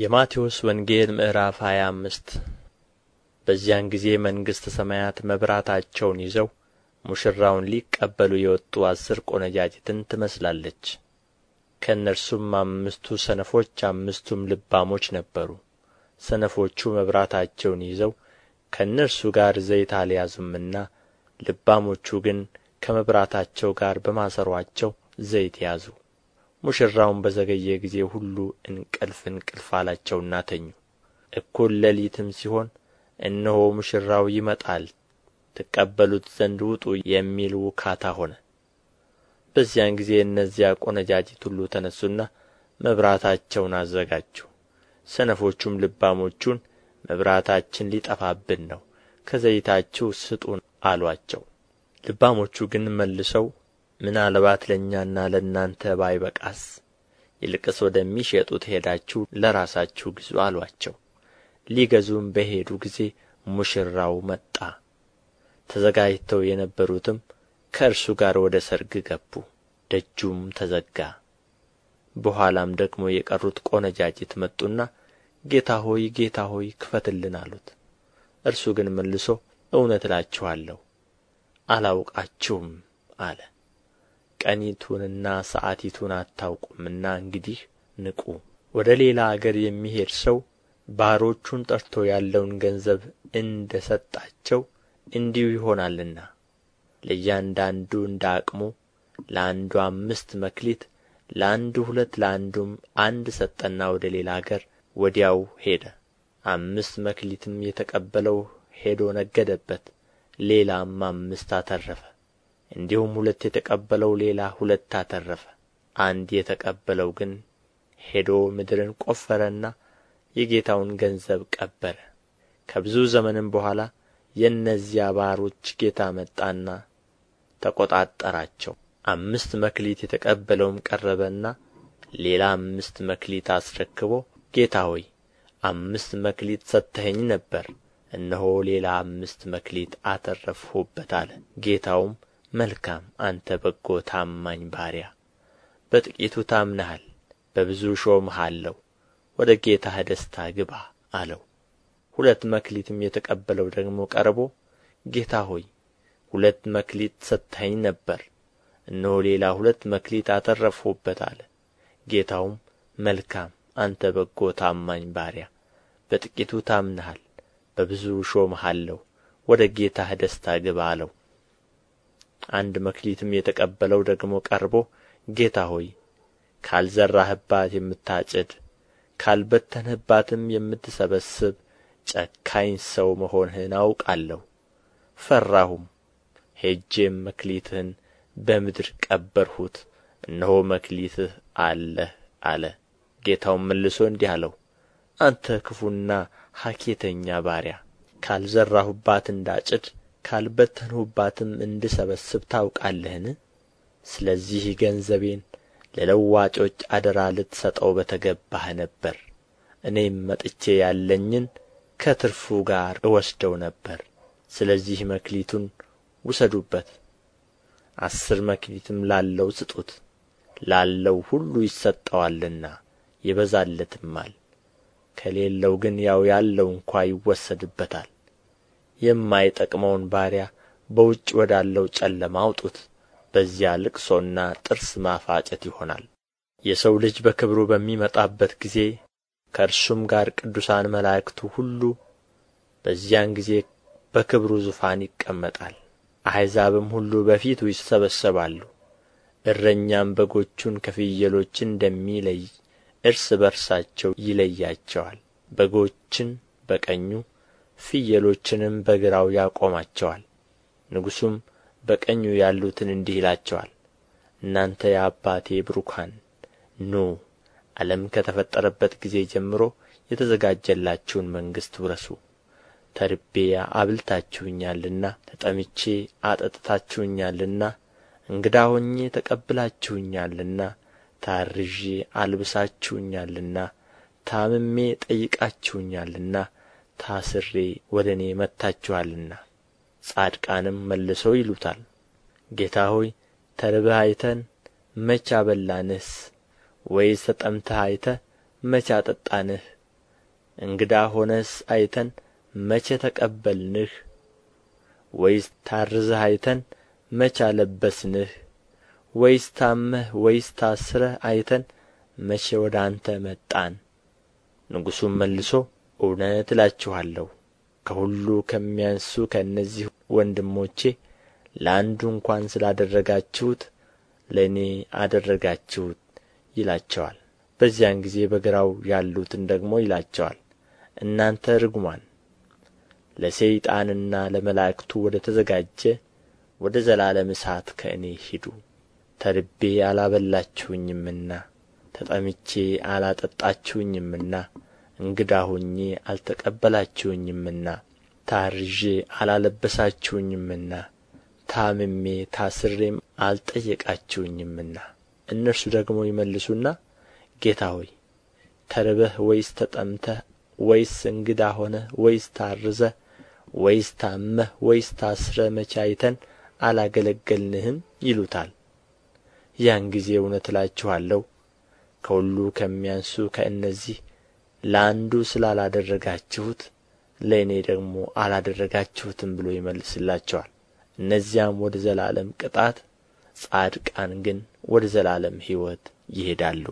የማቴዎስ ወንጌል ምዕራፍ 25 በዚያን ጊዜ መንግሥተ ሰማያት መብራታቸውን ይዘው ሙሽራውን ሊቀበሉ የወጡ አስር ቆነጃጅትን ትመስላለች። ከእነርሱም አምስቱ ሰነፎች አምስቱም ልባሞች ነበሩ። ሰነፎቹ መብራታቸውን ይዘው ከእነርሱ ጋር ዘይት አልያዙምና፣ ልባሞቹ ግን ከመብራታቸው ጋር በማሰሯቸው ዘይት ያዙ። ሙሽራውም በዘገየ ጊዜ ሁሉ እንቅልፍ እንቅልፍ አላቸውና ተኙ እኩል ሌሊትም ሲሆን እነሆ ሙሽራው ይመጣል ትቀበሉት ዘንድ ውጡ የሚል ውካታ ሆነ በዚያን ጊዜ እነዚያ ቆነጃጅት ሁሉ ተነሱና መብራታቸውን አዘጋጁ ሰነፎቹም ልባሞቹን መብራታችን ሊጠፋብን ነው ከዘይታችሁ ስጡን አሏቸው ልባሞቹ ግን መልሰው ምናልባት ለእኛና ለእናንተ ባይበቃስ ይልቅስ ወደሚሸጡት ሄዳችሁ ለራሳችሁ ግዙ አሏቸው። ሊገዙም በሄዱ ጊዜ ሙሽራው መጣ። ተዘጋጅተው የነበሩትም ከእርሱ ጋር ወደ ሰርግ ገቡ። ደጁም ተዘጋ። በኋላም ደግሞ የቀሩት ቆነጃጅት መጡና ጌታ ሆይ፣ ጌታ ሆይ ክፈትልን አሉት። እርሱ ግን መልሶ እውነት እላችኋለሁ አላውቃችሁም አለ። ቀኒቱንና ሰዓቲቱን አታውቁምና እንግዲህ ንቁ ወደ ሌላ አገር የሚሄድ ሰው ባሮቹን ጠርቶ ያለውን ገንዘብ እንደ ሰጣቸው እንዲሁ ይሆናልና ለእያንዳንዱ እንደ ዓቅሙ ለአንዱ አምስት መክሊት ለአንዱ ሁለት ለአንዱም አንድ ሰጠና ወደ ሌላ አገር ወዲያው ሄደ። አምስት መክሊትም የተቀበለው ሄዶ ነገደበት፣ ሌላም አምስት አተረፈ። እንዲሁም ሁለት የተቀበለው ሌላ ሁለት አተረፈ። አንድ የተቀበለው ግን ሄዶ ምድርን ቆፈረና የጌታውን ገንዘብ ቀበረ። ከብዙ ዘመንም በኋላ የእነዚያ ባሮች ጌታ መጣና ተቆጣጠራቸው። አምስት መክሊት የተቀበለውም ቀረበና ሌላ አምስት መክሊት አስረክቦ ጌታ ሆይ አምስት መክሊት ሰጥተኸኝ ነበር፣ እነሆ ሌላ አምስት መክሊት አተረፍሁበት አለ። ጌታውም መልካም አንተ በጎ ታማኝ ባሪያ በጥቂቱ ታምነሃል በብዙ ሾምሃለሁ፣ ወደ ጌታህ ደስታ ግባ አለው ሁለት መክሊትም የተቀበለው ደግሞ ቀርቦ ጌታ ሆይ ሁለት መክሊት ሰጥተኸኝ ነበር እነሆ ሌላ ሁለት መክሊት አተረፍሁበት አለ ጌታውም መልካም አንተ በጎ ታማኝ ባሪያ በጥቂቱ ታምነሃል በብዙ ሾምሃለሁ፣ ወደ ጌታህ ደስታ ግባ አለው አንድ መክሊትም የተቀበለው ደግሞ ቀርቦ ጌታ ሆይ ካልዘራህባት የምታጭድ ካልበተንህባትም የምትሰበስብ ጨካኝ ሰው መሆንህን አውቃለሁ ፈራሁም ሄጄም መክሊትህን በምድር ቀበርሁት እነሆ መክሊትህ አለህ አለ ጌታውም መልሶ እንዲህ አለው አንተ ክፉና ሀኬተኛ ባሪያ ካልዘራሁባት እንዳጭድ ካልበተንሁባትም እንድሰበስብ ታውቃለህን ስለዚህ ገንዘቤን ለለዋጮች አደራ ልትሰጠው በተገባህ ነበር እኔም መጥቼ ያለኝን ከትርፉ ጋር እወስደው ነበር ስለዚህ መክሊቱን ውሰዱበት አስር መክሊትም ላለው ስጡት ላለው ሁሉ ይሰጠዋልና ይበዛለትማል ከሌለው ግን ያው ያለው እንኳ ይወሰድበታል የማይጠቅመውን ባሪያ በውጭ ወዳለው ጨለማ አውጡት በዚያ ልቅሶና ጥርስ ማፋጨት ይሆናል የሰው ልጅ በክብሩ በሚመጣበት ጊዜ ከእርሱም ጋር ቅዱሳን መላእክቱ ሁሉ በዚያን ጊዜ በክብሩ ዙፋን ይቀመጣል አሕዛብም ሁሉ በፊቱ ይሰበሰባሉ እረኛም በጎቹን ከፍየሎች እንደሚለይ እርስ በርሳቸው ይለያቸዋል በጎችን በቀኙ ፍየሎችንም በግራው ያቆማቸዋል ንጉሡም በቀኙ ያሉትን እንዲህ ይላቸዋል እናንተ የአባቴ ብሩካን ኑ ዓለም ከተፈጠረበት ጊዜ ጀምሮ የተዘጋጀላችሁን መንግሥት ውረሱ ተርቤ አብልታችሁኛልና ተጠምቼ አጠጥታችሁኛልና እንግዳ ሆኜ ተቀብላችሁኛልና ታርዤ አልብሳችሁኛልና ታምሜ ጠይቃችሁኛልና ታስሬ ወደ እኔ መጥታችኋልና ጻድቃንም መልሰው ይሉታል ጌታ ሆይ ተርበህ አይተን መቼ አበላንህስ? ወይስ ተጠምተህ አይተህ መቼ አጠጣንህ? እንግዳ ሆነስ አይተን መቼ ተቀበልንህ? ወይስ ታርዘህ አይተን መቼ አለበስንህ? ወይስ ታመህ ወይስ ታስረህ አይተን መቼ ወደ አንተ መጣን? ንጉሡም መልሶ እውነት እላችኋለሁ ከሁሉ ከሚያንሱ ከእነዚህ ወንድሞቼ ለአንዱ እንኳ ስላደረጋችሁት ለእኔ አደረጋችሁት ይላቸዋል በዚያን ጊዜ በግራው ያሉትን ደግሞ ይላቸዋል እናንተ ርጉማን ለሰይጣንና ለመላእክቱ ወደ ተዘጋጀ ወደ ዘላለም እሳት ከእኔ ሂዱ ተርቤ አላበላችሁኝምና ተጠምቼ አላጠጣችሁኝምና እንግዳ ሆኜ አልተቀበላችሁኝምና ታርዤ አላለበሳችሁኝምና ታምሜ ታስሬም አልጠየቃችሁኝምና እነርሱ ደግሞ ይመልሱና ጌታ ሆይ ተርበህ ወይስ ተጠምተህ ወይስ እንግዳ ሆነህ ወይስ ታርዘህ ወይስ ታመህ ወይስ ታስረህ መቼ አይተን አላገለገልንህም ይሉታል። ያን ጊዜ እውነት እላችኋለሁ ከሁሉ ከሚያንሱ ከእነዚህ ለአንዱ ስላላደረጋችሁት ለእኔ ደግሞ አላደረጋችሁትም ብሎ ይመልስላቸዋል እነዚያም ወደ ዘላለም ቅጣት ጻድቃን ግን ወደ ዘላለም ሕይወት ይሄዳሉ